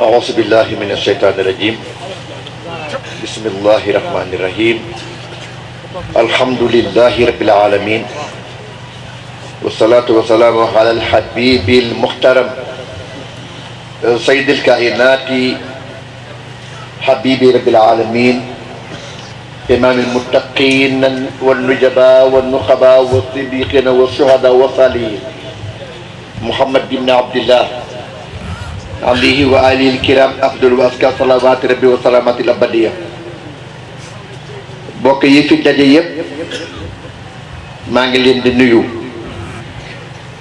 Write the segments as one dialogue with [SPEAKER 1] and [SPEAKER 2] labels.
[SPEAKER 1] أعوذ بالله من الشيطان الرجيم بسم الله الرحمن الرحيم الحمد لله رب العالمين والصلاة والسلام على الحبيب المحترم سيد الكائنات حبيب رب العالمين إمام المتقين والنجباء والنخباء والصديقين والشهداء والصالحين محمد بن عبد الله عليه وآله الكرام أفضل وأزكى صلوات ربي وسلامات الأبدية mbokk yi fi daje yépp maa ngi leen di nuyu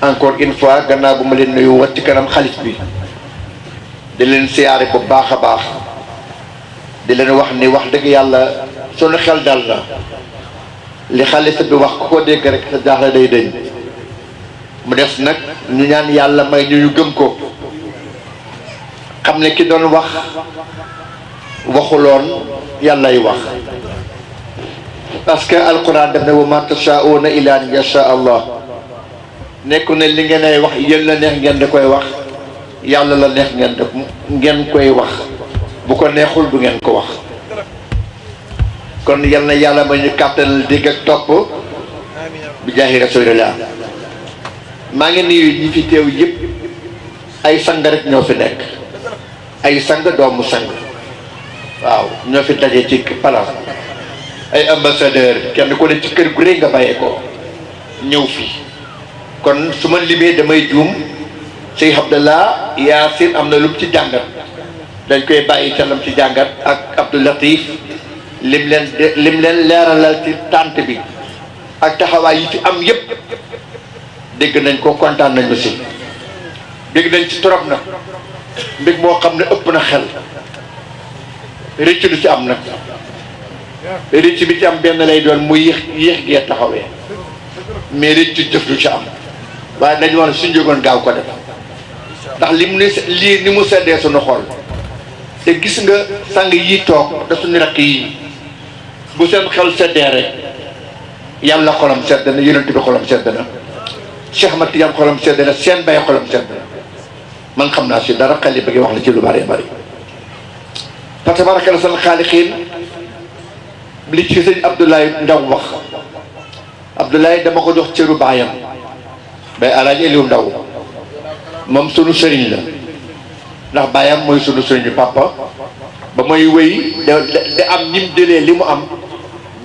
[SPEAKER 1] encore une fois gannaaw bu ma leen nuyu wat ci kanam xalis bi di leen siyaare bu baax a baax di leen wax ni wax dëgg yàlla sunu xel dal na li xalis bi wax ku ko dégg rek sa jaaxle day dëñ mu des nag ñu ñaan yàlla may ñu ñu gëm ko xam ne ki doon wax waxuloon yàllay wax parce que alquran def ne wa ma tashauna illa an yasha allah nekku ne li ngeen ay wax yéen la neex ngeen da koy wax yàlla la neex ngeen da ngeen koy wax bu ko neexul bu ngeen ko wax kon yal na yàlla ma ñu kàttanal dégg ak topp bi jaahi rasulillah maa ngi nuyu ñi fi teew yëpp ay sang ñoo fi nekk ay sang doomu sang waaw ñoo fi daje ci palaas ay ambassadeur kenn ku ne ci kër gu rëy nga bàyyee ko ñëw fii kon su ma limee damay juum Cheikh Abdallah Yaasin am na lu mu ci jàngat dañ koy bàyyi ca ci jàngat ak Abdou Latif lim leen lim leen leeralal ci tànt bi ak taxawaay yi ci am yépp dégg nañ ko kontaan nañ aussi dégg nañ ci trop na mbég moo xam ne ëpp na xel réccu lu ci am na réccu bi ci am benn lay doon mu yéex yéex gee taxawee mais réccu jëf lu ci am waaye dañu wax ne suñ jógoon gaaw ko def ndax li mu ne lii ni mu seddee suñu xol te gis nga sang yi toog te suñu rakk yi bu seen xel seddee rek yàlla xolam sedd na yonent bi xolam sedd na Cheikh Mati yam sedd na seen bay xolam sedd man xam naa si dara xale bi wax na ci lu bari bari fa tabaraka sal xaalixiin li ci sëñ Abdoulaye Ndaw wax Abdoulaye dama ko jox cëru baayam bay alaaj Eliou Ndaw sunu sëriñ la baayam mooy sunu sëriñu papa ba mooy wéy da da am ñim jëlee li mu am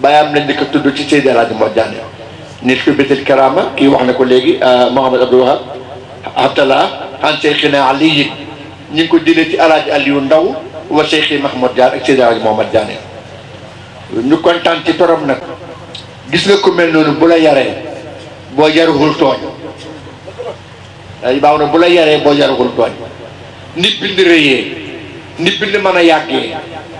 [SPEAKER 1] baayam lañ di ko tudd ci Seydi Alaaji Mor Diané nit ku bitil karaama kii wax na ko léegi ah, Mohamed Abdou Wahab Abdallah an Seyxina Ali ñu ko jëlee ci alaaji Aliou Ndaw wa Seyxi Mahmoud Diar ak Seydi Alaaji Mohamad Diané ñu kontaan ci torop nag gis nga ko mel noonu bu la yaree boo yaruwul tooñ ay baaw na bu la yaree boo yaruwul tooñ nit bind rëyee nit bind mën a yàggee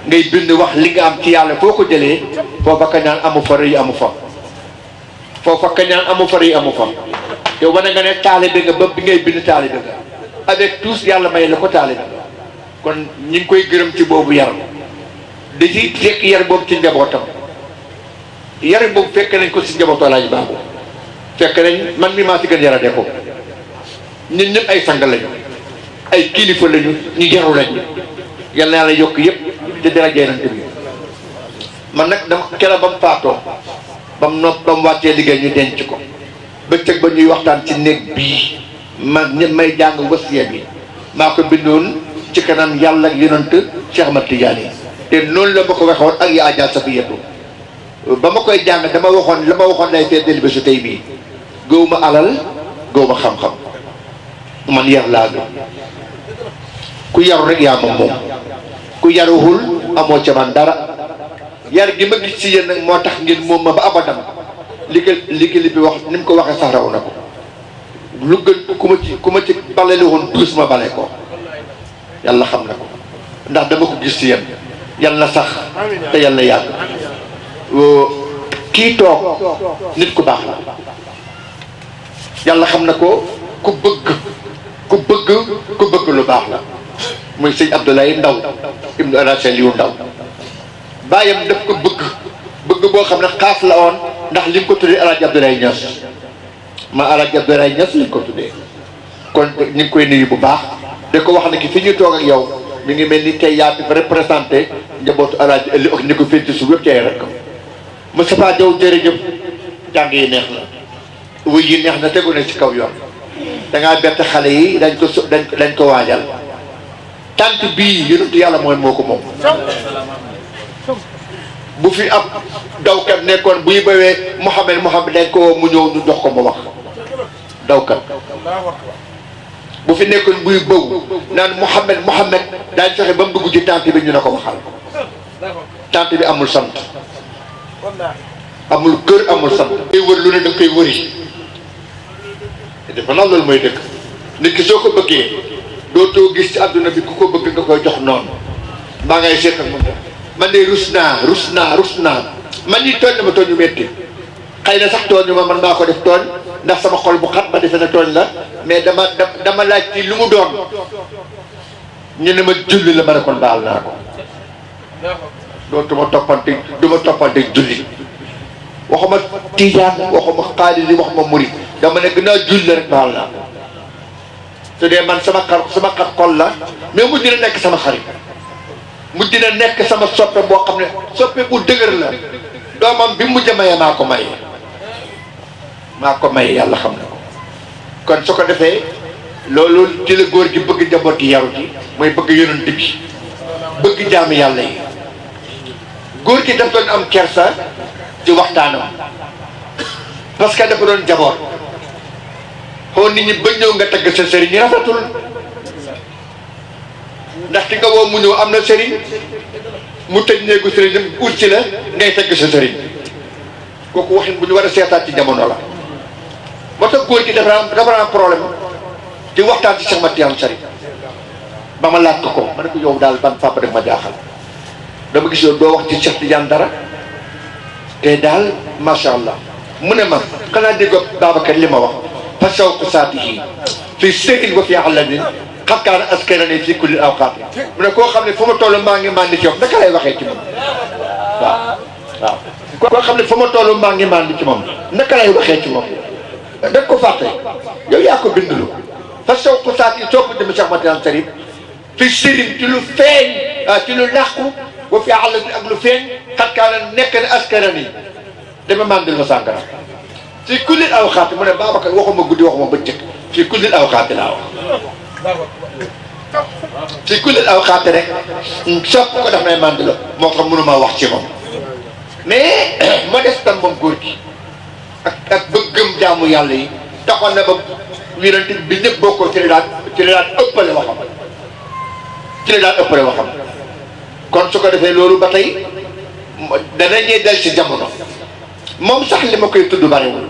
[SPEAKER 1] ngay bind wax li nga am ci yàlla foo ko jëlee foofa kañaan amu fa rëy amu fa foofa kañaan amu fa rëy amu fa yow wane nga ne taalibe nga ba bi ngay bind taalibe nga avec tous yàlla may la ko taalibe kon ñi ngi koy gërëm ci boobu yar da ci fekk yar boobu ci njabootam yar boobu fekk nañ ko si njabootu alaaj baabu fekk nañ man mii maa si gën yara de ko ñun ñëpp ay sang lañu ay kilifa lañu ñu yaru lañu yal na yàlla yokk yëpp te dara jeenante bi man nag dama kera ba mu faatoo ba mu nopp ba mu wàccee liggéey ñu denc ko bëccëg ba ñuy waxtaan ci néeg bii man ñëpp may jàng wasiya bi maa ko bindoon ci kanam yàlla ak yonent Cheikh Ahmad Tidiane te noonu la ma ko waxoon ak yaa jaal Safiyatu ba ma koy jàng dama waxoon la ma waxoon lay fee dellu bésu tey bii góob ma alal góob ma xam-xam man yar laa gëm ku yaru rek yaa moom moom ku yaruwul amoo ca man dara yar gi ma gis ci yéen nag moo tax ngeen moom ma ba abadan li ko li bi wax ni mu ko waxee sax raw na ko. lu gën ku ma ci ku ma ci bale woon plus ma bale ko yàlla xam na ko ndax dama ko gis ci yàlla sax te yàlla yàgg kii toog nit ku baax la yàlla xam na ko ku bëgg ku bëgg ku bëgg lu baax la muy sëñ Abdoulaye Ndaw ibnu Alassane Liou Ndaw bàyyam daf ko bëgg bëgg boo xam ne xaas la woon ndax li mu ko tuddee Alaaji Abdoulaye Niass ma alaaj Abdoulaye Niass lañ ko tuddee kon ñu ngi koy nuyu bu baax di ko wax ne ki fi ñu toog ak yow mi ngi mel ni tey yaa fi représenté njabootu alaaj li ak ñi ko féete suuf yëpp tey rek Moustapha Diaw jërëjëf jàng yi neex na wuy yi neex na tegu na ci kaw yoon dangaa bett xale yi dañ ko dañ dañ ko waajal tant bii yonentu yàlla mooy moo ko moom bu fi daw dawkat nekkoon bu buy bawee Mouhamed Mouhamed dañ ko mu ñëw ñu jox ko mu wax dawkat bu fi nekkoon buy bëw naan Mouhamed Mouhamed daañu fexe ba mu dugg ci tànt bi ñu ne ko waxal tànt bi amul sant amul kër amul sant. koy wër lu ne da koy wëri dafa naa loolu mooy dëkk nit soo ko bëggee dootoo gis ci àdduna bi ku ko bëgg nga koy jox noonu maa ngay seet ak moom man de rus naa rus naa rus naa man ñi tooñ na ma tooñu metti xëy na sax tooñu ma man maa ko def tooñ ndax sama xool bu xat ci sa tooñ la mais dama dama laaj ci lu mu doon ñu ne ma julli la ma kon dal na ko dootuma topanti du ma toppante julli waxuma tijaan waxuma xaalili waxuma murid dama ne gënaa julli rek dal na ko de man sama xar sama xar xol la mais mu dina nek sama xarit mu dina nek sama soppe bo xamne soppe bu dëgër la domam bi mu jema maa ko may mako may yalla xamna kon su ko defee loolu ci le gor ci bëgg jabot yi yaru ci moy bëgg yonent bi bëgg jaamu yalla yi gor gi daf doon am kersa ci waxtaanam parce que dafa doon jabot ho nit ñi ba ñëw nga tagg sa sëriñ ñi rafatul ndax ki nga wo mu ñëw am sëriñ mu neegu sëriñ dem ut ci la ngay tagg sa sëriñ koku waxin bu ñu wara sétat ci jamono la ba tax góor gi dafa dafa problème di waxtaan ci Cheikh Mate Diagne Sary ba ma laaj ko ko ma ne ko yow daal ban papa def ma jaaxal dama gis doo wax ci Cheikh Tidiane dara te daal macha allah mu ne ma xanaa déggoo Babacar li ma wax fa saw ko saati yii fii sékki ba fii àll bi xam kaa ne askan a ne kulli awqaat mu ne koo xam ne fu ma toll maa ngi màndi ci moom naka lay waxee ci moom waaw waaw koo xam ne fu ma maa ngi màndi ci moom naka lay waxee ci moom. te def ko fàtte yow yaa ko bindlu fa sow ko saat yi soog ko jëm Cheikh Matiane Sarif fi sirim ci lu a ah, ci lu làqu ba fi àll bi ak lu feeñ xat kaa na nekk na askaran yi dama mandil ma sàngara ci kullil aw xaati mu ne a waxuma guddi waxuma bëccëg ci kullil aw xaati laa
[SPEAKER 2] wax
[SPEAKER 1] ci kullil aw xaati rek sopp ko daf nay mandilo moo tax mënuma wax ci moom mais modeste tam moom góor ak ak bëggam jaamu yàlla yi taxoon na ba yonent bi ñëpp bokkoo ci la daan ci la daan ëppale waxam ci la daan ëppale waxam kon su ko defee loolu ba tey dana ñuy del ci jamono moom sax li ma koy tudd bariwul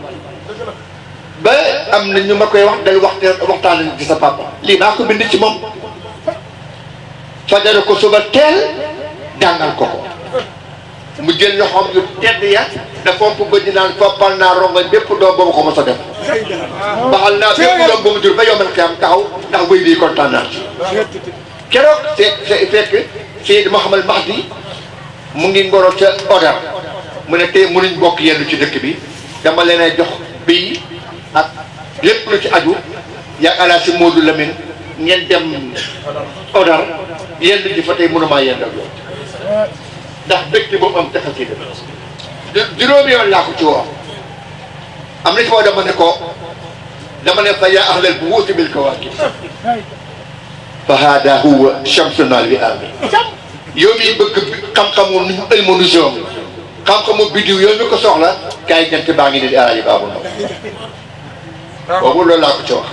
[SPEAKER 1] ba am na ñu ma koy wax dal waxtaan waxtaan ci sa papa lii maa ko bind ci moom fajara ko suba teel jàngal ko ko mu jël loxoom yu tedd ya da fomp di naan foppal naa rongoñ bépp doom boobu ko mos a def baxal naa bépp doom boobu jur ba yombal xiyam taxaw ndax buy bii kontaan naa ci keroog fekk fekk Seyd Mouhamed Mahdi mu ngi ngoro ca Odar mu ne tey mënuñ bokk yenn ci dëkk bi dama leen a jox bii ak lépp lu ci aju yaag alaa si Modou Lamine ngeen dem Odar yenn ji fa tey mënumaa yendal yoon ndax bëgg boobu am taxa si juróomi yoon laa ko ci am na ci foo dama ne ko dama ne fa yaa ahlal bu wuuti bil kawaakib fa haada huwa shamsuna li ardi yow mi bëgg xam-xamu nu ilmu nujuum xam-xamu biddiw yow mi ko soxla kaay jant baa ngi nii alaaji baabu
[SPEAKER 2] ndaw
[SPEAKER 1] boobu loolu laa ko ci wax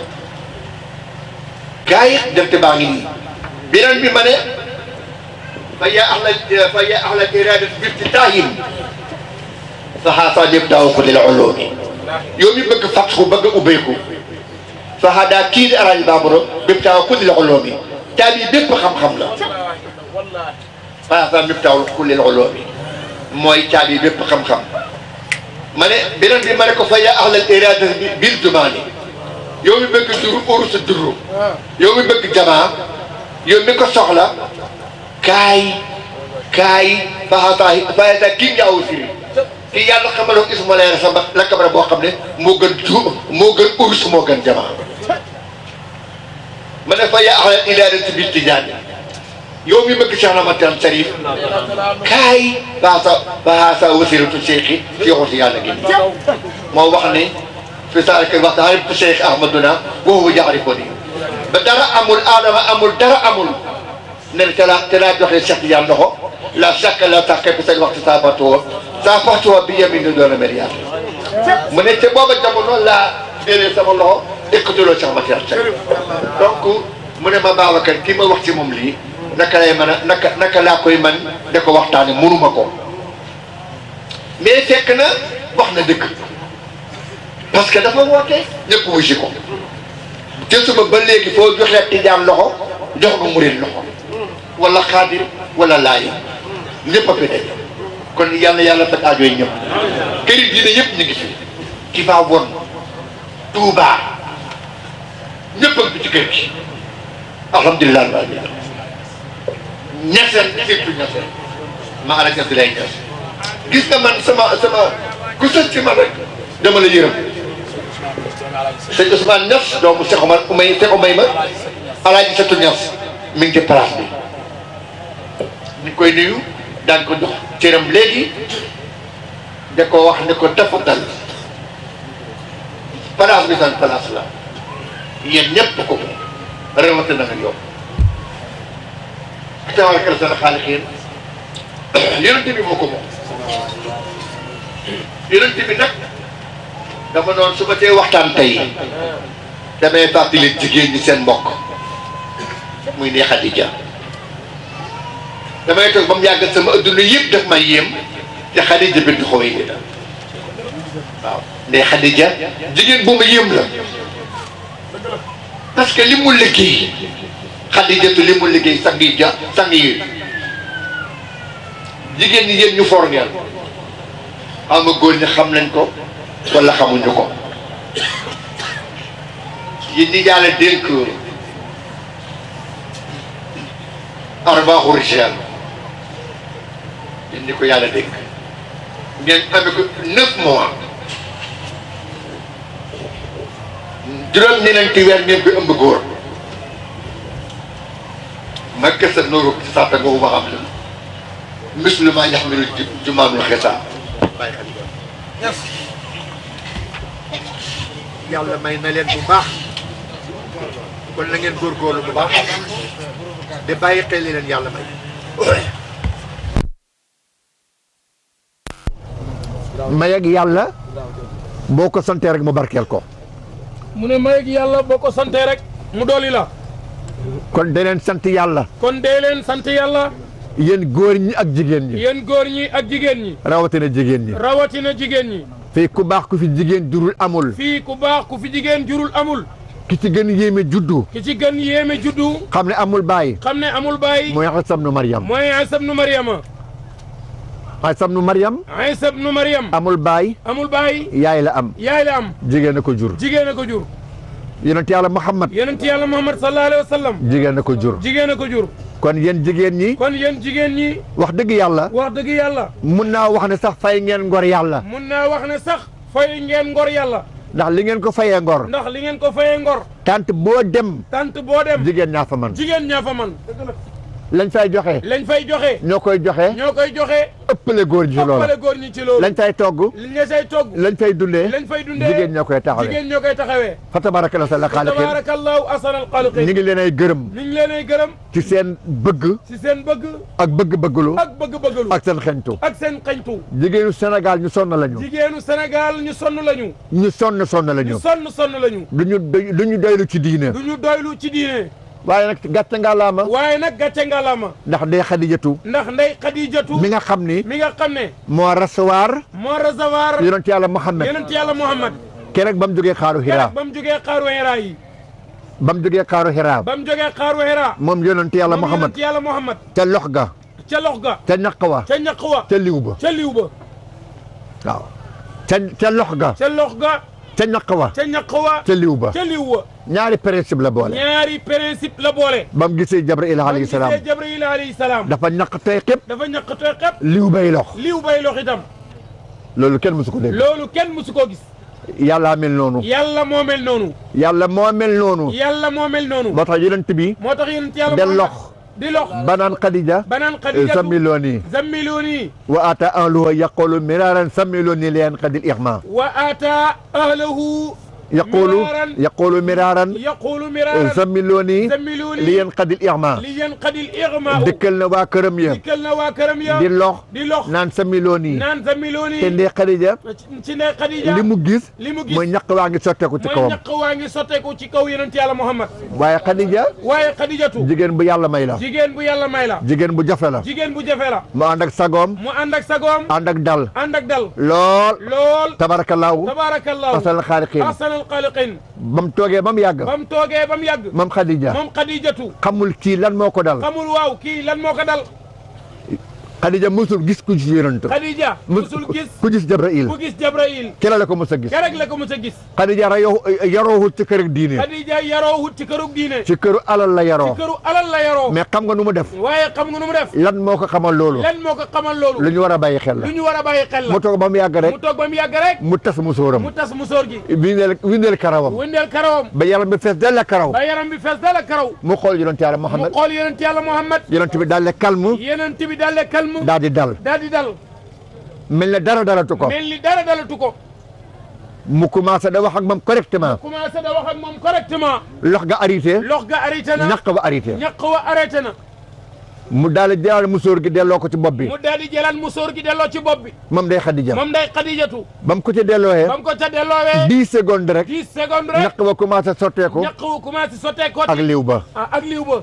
[SPEAKER 1] kaay jant baa ngi nii beneen bi ma ne فيا أهل فيا أهل الإرادة بافتتاحهم فهذا يبدأ كل العلوم يوم يبقى فتح وبقى أبيكو فهذا كيل أرى البابر يبدأ كل العلوم تابي بيب خم خم لا فهذا يبدأ كل العلوم موي تابي بيب خم خم ما نه دي بمرك فيا أهل الإرادة بالدماني يوم يبقى درو أورس الدرو يوم يبقى جماعة يوم يبقى شغلة kaay kaay faxataa faxataa kii njaaw siri te yàlla xamaloon isma la sa la kabara boo xam ne moo gën tu moo gën urus moo gën jamaa ma ne fa yaa axla ilaada bi tijaan yow mi bëgg Cheikh Ahmad Tidiane Cherif kaay baxasa baxasa wasiratu Cheikh yi ci yoxu si yàlla gi moo wax ne fi saalika waxta xarib Cheikh Ahmaduna wa huwa yaarifuni ba dara amul aadama amul dara amul نحن لا شك لا تكفي سيد وقت سابتو سابتو بيا من دون مريا من تبوا بجمعنا لا إلي سمو الله اقتلوا شعب تيرتا دونك من ما باوك كيما وقت مملي نكا يمنا نكا نكا لا كوي من نكا وقتان منو مكو مي تكنا وقنا دك بس كده ما هو كي نكو وجيكو تسمى بلي كفو جوحي اتجام لهو جوحي مولي لهو wala xaadir wala laaya lépp a fi day kon yàlla yàlla faj aajo yi ñëpp këri diine yëpp ñu ngi fi ki faa won tuubaa ñëpp ak bi ci kër gi alhamdulilah rabbil alamin ñaseen surtout ñaseen ma alaj abdoulaye ñas gis nga man sama sama ku sës ci man rek dama la yërëm sëñ Ousmane Ñas doomu Cheikh Omar Umay Cheikh Umay ma alaaji Sëtu Ñas mi ngi ci place bi ñu koy nuyu daan ko dox cëram legi de ko wax ne ko tafatal place bi san place la yéen ñëpp ko rawati na nga yow tawakkal sana xaalixiin yeenante bi moko mo yeenante bi nak dafa don suba te waxtan tay tey damay fàttali jigéen ñi seen mbokk muy ne khadija damay toog ba mu yàggat sama adduna yëpp daf may yéem te Xadija bint Xuwaylid waaw Xadija jigéen bu yéem la parce que li mu liggéey Xadijatu li mu liggéey sang yi ja sang yi jigéen ñi yéen ñu for ngeen ama góor ñi xam nañ ko wala xamuñu ko yéen ñi yàlla dénk arbaaxu rijaal li ko yàlla dégg ngeen amee ko neuf mois juróom-ñeenti weer ngeen koy ëmb góor ma kese Nourou Sarta nga ma xam leen musulman ñax mi ju jumaanu xesaa bàyyi xel yàlla may na leen bu baax kon na ngeen góorgóorlu bu baax de bàyyi xel li leen yàlla may.
[SPEAKER 2] may ak yàlla
[SPEAKER 1] boo ko santee rek mu barkeel ko.
[SPEAKER 2] mu ne may yàlla boo ko santee rek mu dooli la. kon dee sant yàlla. kon deleen sant yàlla. yéen góor ñi ak jigéen ñi. yéen góor ñi ak jigéen ñi. rawatina jigéen ñi. rawatina jigéen ñi. fii ku baax ku fi jigéen jurul amul. fii ku baax ku fi jigéen jurul amul. ki ci gën yéeme juddu. ki ci gën yéeme juddu. xam ne amul baay. xam ne amul baay.
[SPEAKER 1] mooy Isa ibnu Maryam.
[SPEAKER 2] mooy Isa ibnu Maryama. Iisa bnu Maryam. Iisa bnu Maryam. amul baay. amul baay. yaay la am. yaay la am. jigéen ko jur. jigéen a ko jur. yonent yàlla Muhammad. yonent yàlla Muhammad sallallahu alayhi wa sallam. jigéen a ko jur. jigéen ko jur.
[SPEAKER 1] kon yéen jigéen ñi. kon yéen jigéen ñi. wax dëgg yàlla. wax dëgg yàlla. mun naa wax ne sax fay ngeen ngor yàlla.
[SPEAKER 2] mun naa wax ne sax. fay ngeen ngor yàlla.
[SPEAKER 1] ndax li ngeen ko fayee ngor.
[SPEAKER 2] ndax li ngeen ko fayee ngor.
[SPEAKER 1] tant boo dem. tant boo dem. jigéen ñaa fa man.
[SPEAKER 2] jigéen ñaa fa man.
[SPEAKER 1] lañ fay joxe. lañ fay joxe. ñoo koy joxe. ñoo koy joxe. ëppale góor ñi ci loolu ëppale
[SPEAKER 2] góor ñi ci loolu. lañ
[SPEAKER 1] fay togg. lañ fay togg. lañ fay dundee. lañ fay dundee jigéen ñoo koy taxawee. jigéen
[SPEAKER 2] ñoo koy taxawee.
[SPEAKER 1] fa tabaarakallaahu ahsanal xaaliqiin. fa
[SPEAKER 2] tabaarakallaahu ahsanal xaaliqiin. ñu ngi leen ay gërëm. ñu ngi leen ay gërëm.
[SPEAKER 1] ci seen bëgg. ci seen bëgg. ak bëgg-bëggalu. ak bëgg-bëggalu. ak seen xeñtu.
[SPEAKER 2] ak seen xeñtu.
[SPEAKER 1] jigéenu Sénégal ñu sonn lañu.
[SPEAKER 2] jigéenu Sénégal ñu sonn lañu.
[SPEAKER 1] ñu sonn sonn lañu. ñu sonn
[SPEAKER 2] sonn lañu. duñu doylu ci diine. duñu doylu ci diine. waaye nag gàcce ngalaama waaye nag gàcce ngalaama ndax ndey xadijatu ndax ndey xadijatu mi nga xam ni mi nga xam ne moo recevoir moo recevoir yonent yàlla Muhammad yonent yàlla Muhammad
[SPEAKER 1] keroog ba mu jógee xaaru Hira ba
[SPEAKER 2] mu jógee xaaru Hira yi
[SPEAKER 1] ba mu jógee xaaru Hira ba
[SPEAKER 2] mu jógee xaaru Hira
[SPEAKER 1] moom yonent yàlla Muhammad yonent yàlla Muhammad ca lox ga ca lox ga ca ñaq wa ca ñaq wa ca liw ba ca liw ba waaw ca ca ga تن قوى تن قوى تليوبا تليوبا ناري برينسيب لا بولي
[SPEAKER 2] ناري برينسيب لا بولي
[SPEAKER 1] بام غيسي جبريل عليه السلام
[SPEAKER 2] جبريل عليه السلام دا فا نق تيقب دا فا نق تيقب ليو بايلوخ ليو بايلوخ ايتام
[SPEAKER 1] لولو كين موسوكو ديك لولو
[SPEAKER 2] كين موسوكو غيس
[SPEAKER 1] يالا ميل نونو يالا
[SPEAKER 2] مو ميل نونو
[SPEAKER 1] يالا مو ميل نونو يالا مو ميل نونو موتاخ يلنت بي
[SPEAKER 2] موتاخ يلنت يالا مو
[SPEAKER 1] بنان خديجة
[SPEAKER 2] بنان خديجة
[SPEAKER 1] زميلوني
[SPEAKER 2] زميلوني
[SPEAKER 1] وأتى أهله يقول مرارا زميلوني لأن قد الإغماء
[SPEAKER 2] وأتى أهله
[SPEAKER 1] يقول يقول مرارا
[SPEAKER 2] يقول مرارا
[SPEAKER 1] زملوني لينقد الإغماء
[SPEAKER 2] لينقد الإغماء دكل
[SPEAKER 1] نوا كرم يا دكل
[SPEAKER 2] نوا كرم يا دي لوخ دي
[SPEAKER 1] لوخ نان زملوني
[SPEAKER 2] نان زملوني تندي خديجة تندي خديجة لي مو غيس لي مو غيس موي
[SPEAKER 1] نياق واغي سوتيكو تي كوم نياق
[SPEAKER 2] واغي سوتيكو تي كو يونت يالا محمد
[SPEAKER 1] واي خديجة
[SPEAKER 2] واي خديجة تو
[SPEAKER 1] جيجن بو يالا ماي لا
[SPEAKER 2] جيجن بو يالا ماي لا
[SPEAKER 1] جيجن بو جافé لا جيجن بو جافé لا مو اندك ساغوم
[SPEAKER 2] مو اندك ساغوم اندك دال اندك دال لول لول تبارك الله تبارك الله اصل الخالقين اصل xalqin
[SPEAKER 1] ba mu toogee ba mu yàgg ba
[SPEAKER 2] mu toogee ba mu yàgg moom Xadija moom Xadijatu
[SPEAKER 1] xamul kii lan moo ko dal xamul
[SPEAKER 2] waaw kii lan moo ko dal
[SPEAKER 1] Khadija musul gis ku gis yonent. Khadija musul gis ku gis Jabrail. ku gis Jabrail. keroog la ko mos a gis. keroog la ko mos a gis. Khadija rayoo yaroohu ci këru diine. Khadija
[SPEAKER 2] yaroohu ci këru diine. ci
[SPEAKER 1] këru alal la yaroo. ci këru
[SPEAKER 2] alal la yaroo.
[SPEAKER 1] mais xam nga nu mu def.
[SPEAKER 2] waaye xam nga nu mu def.
[SPEAKER 1] lan moo ko xamal loolu. lan
[SPEAKER 2] moo ko xamal loolu. lu ñu war
[SPEAKER 1] a bàyyi xel la. lu ñu war
[SPEAKER 2] a bàyyi xel la. mu
[SPEAKER 1] toog ba mu yàgg rek. mu
[SPEAKER 2] toog ba mu yàgg rek.
[SPEAKER 1] mu tas musóoram. mu
[SPEAKER 2] tas musóor gi.
[SPEAKER 1] windeel windeel karawam.
[SPEAKER 2] windeel karawam.
[SPEAKER 1] ba yaram bi fees dal la karaw. ba
[SPEAKER 2] yaram bi fees dal la karaw.
[SPEAKER 1] mu xool yonent yàlla Muhammad. mu
[SPEAKER 2] xool yonent yàlla Muhammad.
[SPEAKER 1] yonent bi daal la calme.
[SPEAKER 2] yonent bi daal la calme jàmm daal di dal daal di dal
[SPEAKER 1] mel na dara dalatu ko mel
[SPEAKER 2] ni dara dalatu ko
[SPEAKER 1] mu commencé da wax ak moom correctement
[SPEAKER 2] commencé da wax ak moom correctement
[SPEAKER 1] lox ga arrêté lox ga arrêté na ñaq wa arrêté
[SPEAKER 2] ñaq wa arrêté na
[SPEAKER 1] mu daal di jëlaat musóor gi delloo ko ci bopp bi mu
[SPEAKER 2] daal di jëlaat musóor gi delloo ci bopp bi
[SPEAKER 1] moom day xadija moom day ba ko ca delloowee ba mu
[SPEAKER 2] ko ca delloowee
[SPEAKER 1] dix secondes rek dix secondes rek ñaq ba commencé sotteeku ñaq
[SPEAKER 2] ba commencé ah, ak liw ba ak liw ba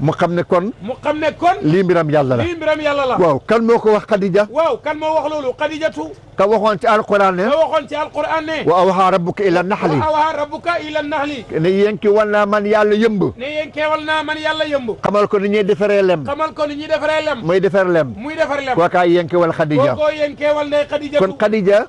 [SPEAKER 1] mu xam ne kon mu xam ne kon lii mbiram yàlla la lii mbiram yàlla la waaw kan moo ko wax xadija waaw kan moo wax loolu xadijatu ka waxoon ci alquran ne ka waxoon ci alquran ne wa awhaa rabbuka ila naxli wa awhaa
[SPEAKER 2] rabbuka ila naxli
[SPEAKER 1] ne yénki wal naa man yàlla yëmb ne yénki wal naa man yàlla yëmb xamal ko ni ñuy defaree lem
[SPEAKER 2] xamal ko ñuy defaree lem muy defar lem muy defar lem kookaa
[SPEAKER 1] yenkewal Khadija
[SPEAKER 2] kookoo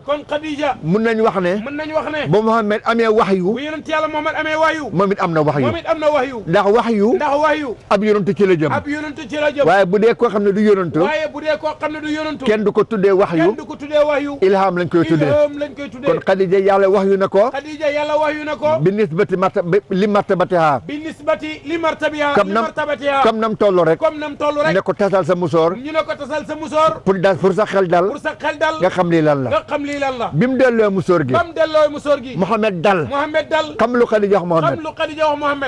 [SPEAKER 2] kon
[SPEAKER 1] Khadija kon nañ wax ne mun nañ wax ne ba Mouhamed amee wax yu bu
[SPEAKER 2] yonent moom it am na wax yu moom it
[SPEAKER 1] am na wax yu ndax wax yu wax yu ab yonent ci la jëm ab yonent ci la waaye bu dee koo xam ne du yonent waaye
[SPEAKER 2] bu dee koo xam ne du yonent kenn
[SPEAKER 1] du ko tudde wax yu kenn du
[SPEAKER 2] ko tuddee wax yu
[SPEAKER 1] ilham lañ koy tuddee ilham lañ koy tuddee kon Khadija yàlla wax na ko
[SPEAKER 2] Khadija yàlla wax yu
[SPEAKER 1] ko bi li martabatiha
[SPEAKER 2] bi nisbati li martabatiha comme rek toll rek
[SPEAKER 1] ne ko tasal sa musoor
[SPEAKER 2] ñu ne ko tasal sa musoor
[SPEAKER 1] pour daal pour sa xel dal pour
[SPEAKER 2] sa xel dal nga xam lii lan la nga la
[SPEAKER 1] bi mu delloo musoor gi ba mu
[SPEAKER 2] delloo musoor gi
[SPEAKER 1] Mohamed dal Mohamed dal xam lu Xadija wax Mohamed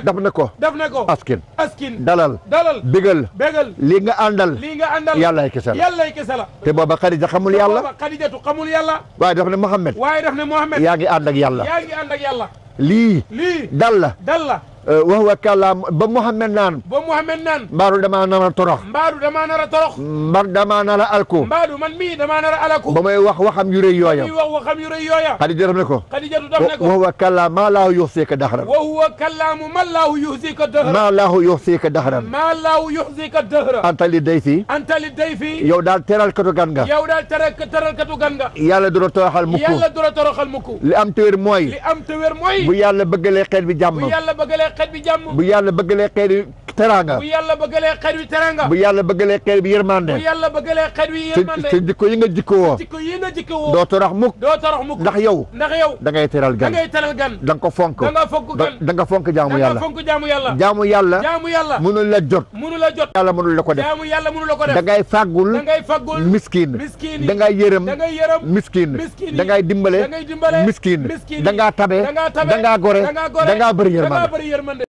[SPEAKER 1] xam lu na ko daf na ko askin askin dalal dalal bégal bégal lii nga àndal lii
[SPEAKER 2] nga àndal yàllaay kese la yàllaay kese la
[SPEAKER 1] te booba Xadija xamul yàlla
[SPEAKER 2] Xadijatu xamul yàlla
[SPEAKER 1] waaye daf ne Mohamed
[SPEAKER 2] waaye daf ne Mohamed yaa ngi ànd ak yàlla yaa ngi ànd ak yàlla
[SPEAKER 1] lii lii dal la dal la وهو كلام بمحمد نان
[SPEAKER 2] بمحمد نان بارو
[SPEAKER 1] دما نرا تروخ
[SPEAKER 2] بارو دما نرا تروخ
[SPEAKER 1] مبار دما نرا الكو
[SPEAKER 2] بارو من مي دما نرا الكو
[SPEAKER 1] بماي واخ واخام يوري يويا بماي
[SPEAKER 2] واخ واخام يوري يويا خدي دم نكو خديجه دم نكو وهو
[SPEAKER 1] كلام ما لا يحصيك دهرا
[SPEAKER 2] وهو كلام ما لا يحصيك دهرا ما لا
[SPEAKER 1] يحصيك دهرا ما
[SPEAKER 2] لا يحصيك دهرا
[SPEAKER 1] انت لي ديفي
[SPEAKER 2] انت لي ديفي يو
[SPEAKER 1] دال تيرال كتو غانغا يو
[SPEAKER 2] دال تيرال تيرال كتو غانغا يالا
[SPEAKER 1] دورو توخال مكو يالا
[SPEAKER 2] دورو توخال مكو لي
[SPEAKER 1] ام تير موي لي
[SPEAKER 2] ام تير موي بو يالا
[SPEAKER 1] بغلي خيل بي جام بو يالا
[SPEAKER 2] بغلي xet bi jàmm
[SPEAKER 1] bu yàlla bëggalee xeet teraanga bu
[SPEAKER 2] yàlla bëggalee xeet wi teraanga bu yàlla
[SPEAKER 1] bëggalee bi yërmande bu
[SPEAKER 2] yàlla bëggalee xeet wi yërmande te jikko yi nga jikko woo jikko yi nga jikko woo doo
[SPEAKER 1] torox mukk ndax yow ndax yow da ngay teral gan da ngay teral gan da nga ko fonk da nga fonk gan da nga fonk jaamu yàlla da
[SPEAKER 2] nga yàlla jaamu yàlla jaamu yàlla
[SPEAKER 1] mënul la jot mënul la jot yàlla mënul la ko def jaamu yàlla mënul la ko da ngay fàggul da ngay fàggul miskin miskin da ngay yërëm da ngay yërëm miskin da ngay dimbale da ngay dimbale miskin da ngaa tabe da ngaa gore da ngaa bëri
[SPEAKER 2] yërmande